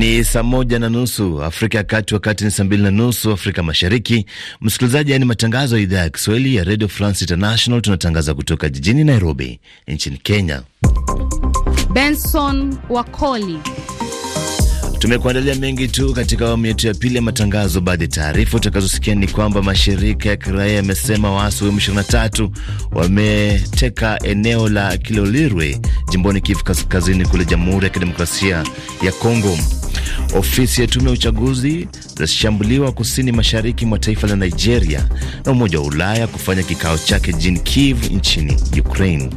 Ni saa moja na nusu Afrika ya Kati, wakati ni saa mbili na nusu Afrika Mashariki. Msikilizaji, yani matangazo ya idhaa ya Kiswahili ya Radio France International. Tunatangaza kutoka jijini Nairobi nchini Kenya. Benson Wakoli Tumekuandalia mengi tu katika awamu yetu ya pili ya matangazo. Baadhi ya taarifa utakazosikia ni kwamba mashirika ya kiraia yamesema waasi wa M23 wameteka eneo la Kilolirwe jimboni Kivu Kaskazini kule Jamhuri ya Kidemokrasia ya Kongo. Ofisi ya tume ya uchaguzi zashambuliwa kusini mashariki mwa taifa la Nigeria, na Umoja wa Ulaya kufanya kikao chake jijini Kiev nchini Ukraine.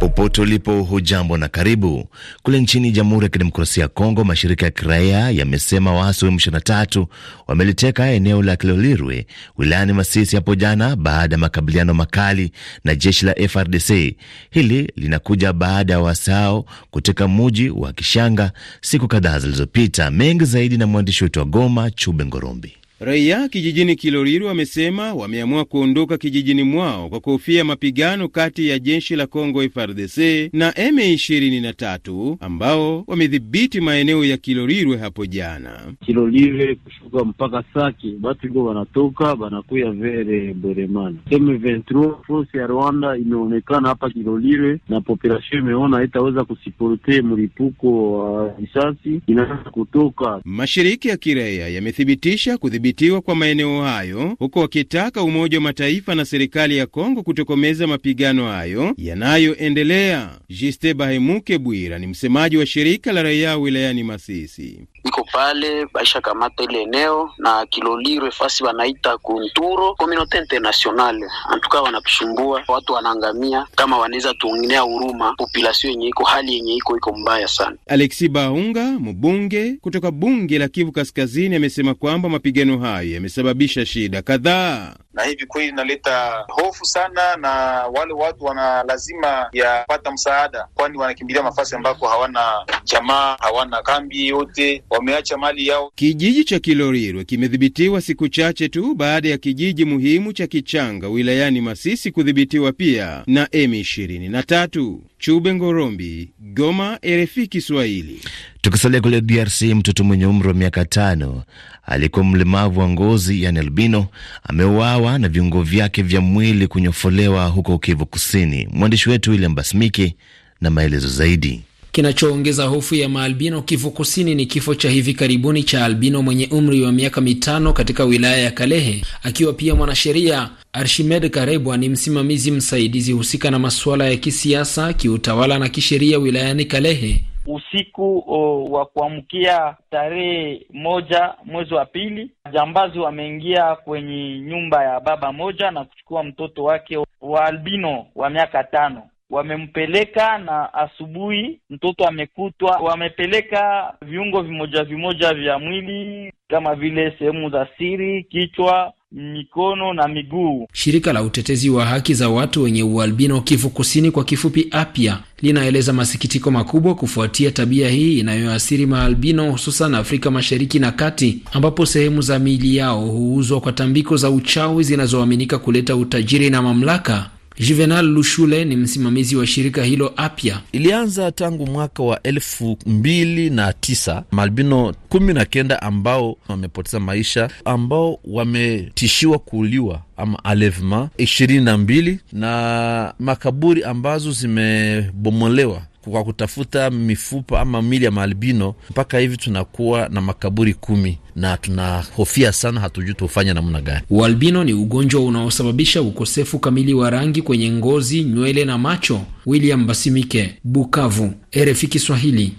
Popote ulipo hujambo na karibu. Kule nchini Jamhuri ya Kidemokrasia ya Kongo, mashirika ya kiraia yamesema waasi wa M23 wameliteka eneo la Kilolirwe wilayani Masisi hapo jana baada ya makabiliano makali na jeshi la FRDC. Hili linakuja baada ya waasi hao kuteka muji wa Kishanga siku kadhaa zilizopita. Mengi zaidi na mwandishi wetu wa Goma, Chube Ngorombi. Raia kijijini Kiloriru wamesema wameamua kuondoka kijijini mwao kwa kuhofia mapigano kati ya jeshi la congo frdc na M23 ambao wamedhibiti maeneo ya kilorirwe hapo jana. Kilolirwe kushuka mpaka Sake, batu iko banatoka banakuya vere Bweremana. M23 force ya Rwanda imeonekana hapa Kilolirwe na population imeona itaweza kusiporte mlipuko wa risasi, inaanza kutoka. Mashirika ya kiraia yamethibitisha kudhibiti kudhibitiwa kwa maeneo hayo, huku wakitaka Umoja wa Mataifa na serikali ya Kongo kutokomeza mapigano hayo yanayoendelea. Jiste Bahemuke Bwira ni msemaji wa shirika la raia wilayani Masisi iko pale baisha kamata ile eneo na Kilolirwe fasi wanaita Kunturo komunote internationale antuka, wanatusumbua watu wanaangamia, kama wanaweza tuonea huruma populasio yenye iko hali yenye iko iko mbaya sana. Alexi Baunga mbunge kutoka bunge la Kivu Kaskazini amesema kwamba mapigano hayo yamesababisha shida kadhaa na hivi kweli inaleta hofu sana, na wale watu wana lazima ya kupata msaada, kwani wanakimbilia nafasi ambako hawana jamaa, hawana kambi yote, wameacha mali yao. Kijiji cha Kilorirwe kimedhibitiwa siku chache tu baada ya kijiji muhimu cha Kichanga wilayani Masisi kudhibitiwa pia na M23. Chube Ngorombi, Goma, RFI Kiswahili. Tukisalia kule DRC, mtoto mwenye umri wa miaka tano alikuwa mlemavu wa ngozi yani albino ameuawa na viungo vyake vya mwili kunyofolewa huko Kivu Kusini. Mwandishi wetu William Basmike na maelezo zaidi. Kinachoongeza hofu ya maalbino Kivu Kusini ni kifo cha hivi karibuni cha albino mwenye umri wa miaka mitano katika wilaya ya Kalehe. Akiwa pia mwanasheria, Arshimed Karebwa ni msimamizi msaidizi husika na masuala ya kisiasa, kiutawala na kisheria wilayani Kalehe. Usiku uh, wa kuamkia tarehe moja mwezi wa pili, jambazi wameingia kwenye nyumba ya baba moja na kuchukua mtoto wake wa albino wa miaka tano wamempeleka na asubuhi mtoto amekutwa, wamepeleka viungo vimoja vimoja vya mwili kama vile sehemu za siri, kichwa, mikono na miguu. Shirika la utetezi wa haki za watu wenye ualbino Kivu Kusini, kwa kifupi APYA, linaeleza masikitiko makubwa kufuatia tabia hii inayoathiri maalbino hususan Afrika Mashariki na Kati, ambapo sehemu za miili yao huuzwa kwa tambiko za uchawi zinazoaminika kuleta utajiri na mamlaka Juvenal Lushule ni msimamizi wa shirika hilo apya. Ilianza tangu mwaka wa elfu mbili na tisa malbino kumi na kenda ambao wamepoteza maisha, ambao wametishiwa kuuliwa ama alevma ishirini na mbili na makaburi ambazo zimebomolewa kwa kutafuta mifupa ama mili ya maalbino. Mpaka hivi tunakuwa na makaburi kumi na tunahofia sana, hatujui tufanya namna gani. Ualbino ni ugonjwa unaosababisha ukosefu kamili wa rangi kwenye ngozi, nywele na macho. William Basimike, Bukavu, RFI Kiswahili.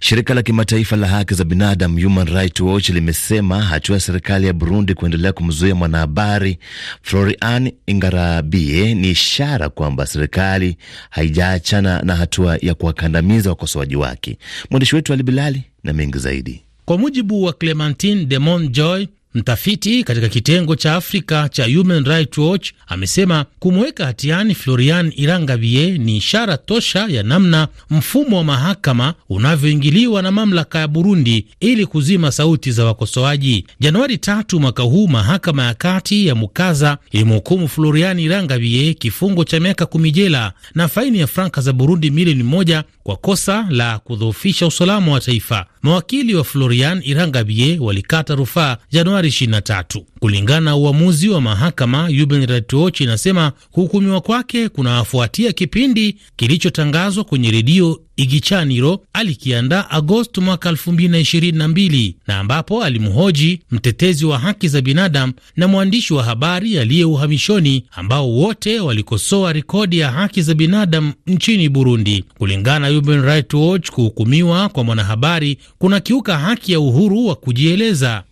Shirika la kimataifa la haki za binadamu Human Rights Watch limesema hatua ya serikali ya Burundi kuendelea kumzuia mwanahabari Florian Ingarabie ni ishara kwamba serikali haijaachana na hatua ya kuwakandamiza wakosoaji wake. Mwandishi wetu Ali Bilali na mengi zaidi. Kwa mujibu wa Clementine Demon Joy, Mtafiti katika kitengo cha Afrika cha Human Rights Watch amesema kumweka hatiani Florian Irangavie ni ishara tosha ya namna mfumo wa mahakama unavyoingiliwa na mamlaka ya Burundi ili kuzima sauti za wakosoaji. Januari tatu mwaka huu mahakama ya kati ya Mukaza ilimhukumu Florian Irangavie kifungo cha miaka kumi jela na faini ya franka za Burundi milioni moja kwa kosa la kudhoofisha usalama wa taifa. Mawakili wa Florian Irangavie walikata rufaa Januari Februari 23, kulingana na uamuzi wa mahakama. Yubin Ratioch inasema kuhukumiwa kwake kunawafuatia kipindi kilichotangazwa kwenye redio Igichaniro alikiandaa agosto mwaka 2022 na ambapo alimhoji mtetezi wa haki za binadamu na mwandishi wa habari aliye uhamishoni ambao wote walikosoa rekodi ya haki za binadamu nchini Burundi. Kulingana na Human Rights Watch, kuhukumiwa kwa mwanahabari kuna kiuka haki ya uhuru wa kujieleza.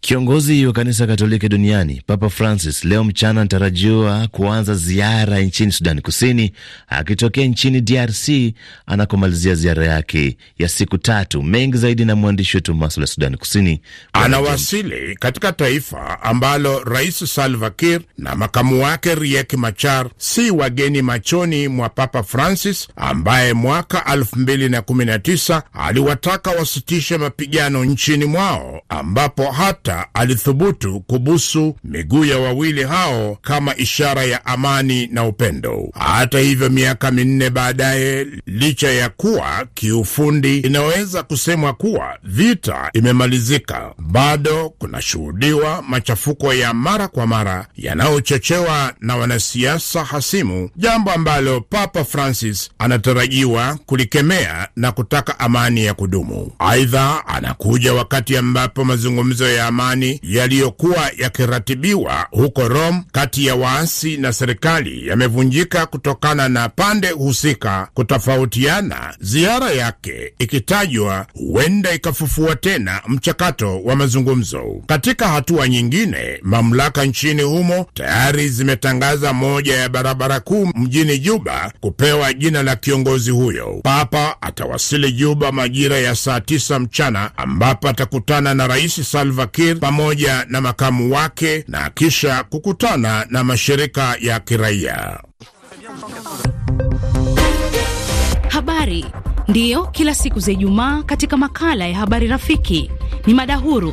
Kiongozi wa kanisa Katoliki duniani Papa Francis leo mchana anatarajiwa kuanza ziara nchini Sudani Kusini, akitokea nchini DRC anakomalizia ziara yake ya siku tatu. Mengi zaidi na mwandishi wetu maswala ya Sudani Kusini. Anawasili katika taifa ambalo Rais Salva Kiir na makamu wake Riek Machar si wageni machoni mwa Papa Francis ambaye mwaka 2019 aliwataka wasitishe mapigano nchini mwao ambapo hata sita alithubutu kubusu miguu ya wawili hao kama ishara ya amani na upendo. Hata hivyo, miaka minne baadaye, licha ya kuwa kiufundi inaweza kusemwa kuwa vita imemalizika, bado kunashuhudiwa machafuko ya mara kwa mara yanayochochewa na wanasiasa hasimu, jambo ambalo Papa Francis anatarajiwa kulikemea na kutaka amani ya kudumu. Aidha, anakuja wakati ambapo mazungumzo ya amani yaliyokuwa yakiratibiwa huko Rome kati ya waasi na serikali yamevunjika kutokana na pande husika kutofautiana, ziara yake ikitajwa huenda ikafufua tena mchakato wa mazungumzo. Katika hatua nyingine, mamlaka nchini humo tayari zimetangaza moja ya barabara kuu mjini Juba kupewa jina la kiongozi huyo. Papa atawasili Juba majira ya saa tisa mchana ambapo atakutana na Rais Salva Kiir waziri pamoja na makamu wake na kisha kukutana na mashirika ya kiraia. Habari ndiyo kila siku za Ijumaa katika makala ya habari rafiki ni mada huru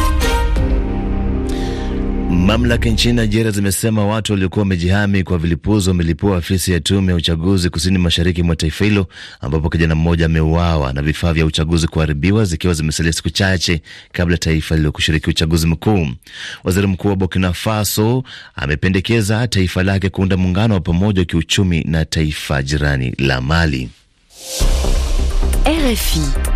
Mamlaka nchini Nigeria zimesema watu waliokuwa wamejihami kwa vilipuzi wamelipua afisi ya tume ya uchaguzi kusini mashariki mwa taifa hilo, ambapo kijana mmoja ameuawa na vifaa vya uchaguzi kuharibiwa, zikiwa zimesalia siku chache kabla taifa hilo kushiriki uchaguzi mkuu. Waziri mkuu wa Burkina Faso amependekeza taifa lake kuunda muungano wa pamoja wa kiuchumi na taifa jirani la Mali. RFI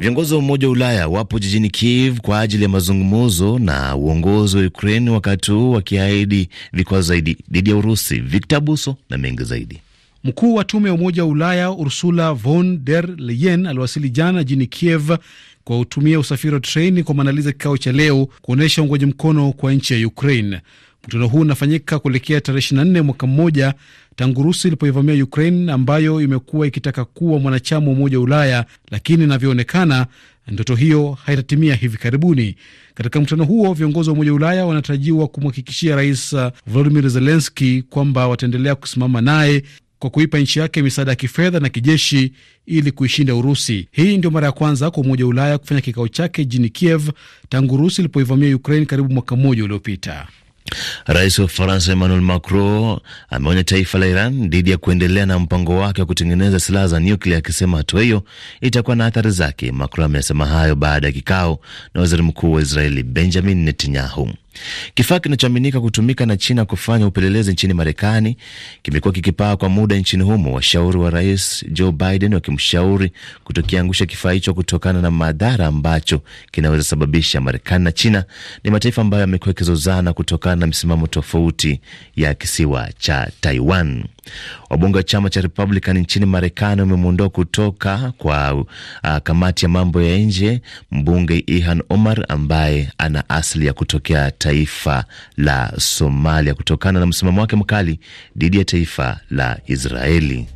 Viongozi wa Umoja wa Ulaya wapo jijini Kiev kwa ajili ya mazungumzo na uongozi wa Ukraine, wakati huu wakiahidi vikwazo zaidi dhidi ya Urusi. Victor Buso na mengi zaidi. Mkuu wa tume ya Umoja wa Ulaya Ursula von der Leyen aliwasili jana jijini Kiev kwa kutumia usafiri wa treni kwa maandalizi ya kikao cha leo kuonyesha uungwaji mkono kwa nchi ya Ukraine. Mkutano huu unafanyika kuelekea tarehe 24 mwaka mmoja tangu Rusi ilipoivamia Ukraine ambayo imekuwa ikitaka kuwa mwanachama wa Umoja wa Ulaya, lakini inavyoonekana ndoto hiyo haitatimia hivi karibuni. Katika mkutano huo, viongozi wa Umoja wa Ulaya wanatarajiwa kumhakikishia Rais uh, Volodimir Zelenski kwamba wataendelea kusimama naye kwa kuipa nchi yake misaada ya kifedha na kijeshi ili kuishinda Urusi. Hii ndio mara ya kwanza kwa Umoja wa Ulaya kufanya kikao chake jini Kiev tangu Urusi ilipoivamia Ukraine karibu mwaka mmoja uliopita. Rais wa Ufaransa Emmanuel Macron ameonya taifa la Iran dhidi ya kuendelea na mpango wake wa kutengeneza silaha za nyuklia, akisema hatua hiyo itakuwa na athari zake. Macron amesema hayo baada ya kikao na waziri mkuu wa Israeli Benjamin Netanyahu. Kifaa kinachoaminika kutumika na China kufanya upelelezi nchini Marekani kimekuwa kikipaa kwa muda nchini humo, washauri wa rais Joe Biden wakimshauri kutokiangusha kifaa hicho kutokana na madhara ambacho kinaweza sababisha. Marekani na China ni mataifa ambayo yamekuwa yakizozana kutokana na misimamo tofauti ya kisiwa cha Taiwan. Wabunge wa chama cha Republican nchini Marekani wamemwondoa kutoka kwa uh, kamati ya mambo ya nje mbunge Ihan Omar ambaye ana asili ya kutokea taifa la Somalia kutokana na msimamo wake mkali dhidi ya taifa la Israeli.